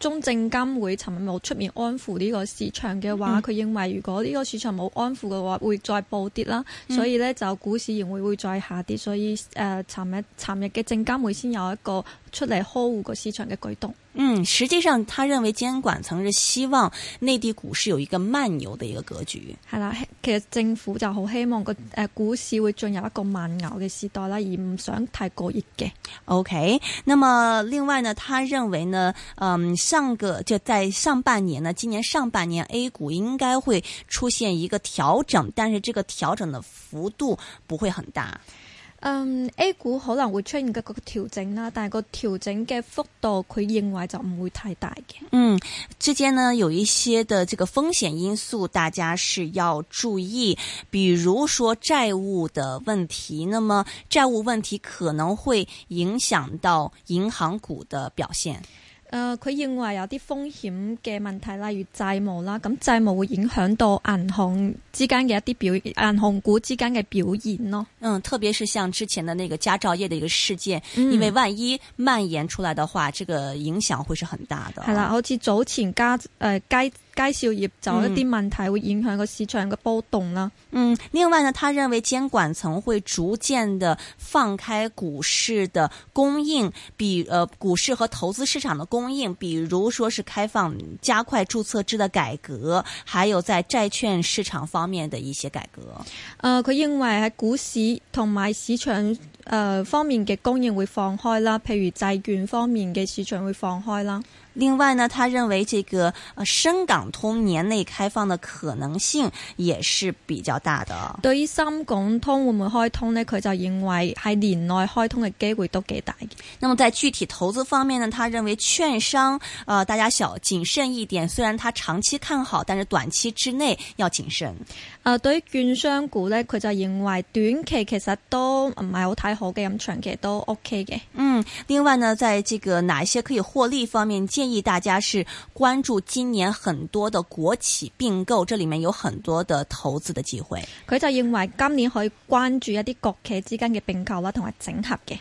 中證監會尋日冇出面安撫呢個市場嘅話，佢、嗯、認為如果呢個市場冇安撫嘅話，會再暴跌啦。嗯、所以呢，就股市仍會會再下跌，所以誒，尋日、呃、尋日嘅證監會先有一個出嚟呵護個市場嘅舉動。嗯，實際上，他認為監管層是希望內地股市有一個慢牛嘅一個格局。係啦、嗯，其實政府就好希望個誒股市會進入一個慢牛嘅時代啦，而唔想太過熱嘅。OK，那麼另外呢，他認為呢，嗯。上個就在上半年呢，今年上半年 A 股應該會出現一個調整，但是這個調整的幅度不會很大。嗯，um，A 股可能會出現個個調整啦，但個調整的幅度佢認為就唔會太大嘅。嗯，之間呢有一些的這個風險因素，大家是要注意，比如說債務的問題。那麼債務問題可能會影響到銀行股的表現。誒，佢、呃、認為有啲風險嘅問題，例如債務啦，咁債務會影響到銀行之間嘅一啲表，銀行股之間嘅表現咯。嗯，特別是像之前的那個佳兆業嘅一個事件，嗯、因為萬一蔓延出來的話，這個影響會是很大的。係啦，好似早前佳、誒、佳。呃介紹業就一啲問題，會影響個市場嘅波動啦。嗯，另外呢，他認為監管層會逐漸的放開股市的供應，比呃股市和投資市場的供應，比如說是開放加快註冊制的改革，還有在債券市場方面的一些改革。呃，佢認為喺股市同埋市場呃方面嘅供應會放開啦，譬如債券方面嘅市場會放開啦。另外呢，他認為這個深港通年內開放的可能性也是比較大的。對於深港通會唔會開通呢，佢就認為係年內開通嘅機會都幾大。那麼在具體投資方面呢，他認為券商，呃，大家要謹慎一點。雖然他長期看好，但是短期之內要謹慎。呃，對於券商股呢，佢就認為短期其實都唔係好太好嘅，咁長期都 OK 嘅。嗯，另外呢，在這個哪一些可以獲利方面建建議大家是關注今年很多的國企併購，這裏面有很多的投資的機會。佢就認為今年可以關注一啲國企之間嘅併購啦，同埋整合嘅。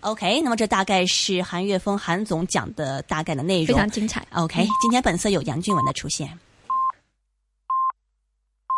OK，那麼這大概是韓躍峰韓總講的大概的內容，非常精彩。OK，今天本色有楊俊文的出現。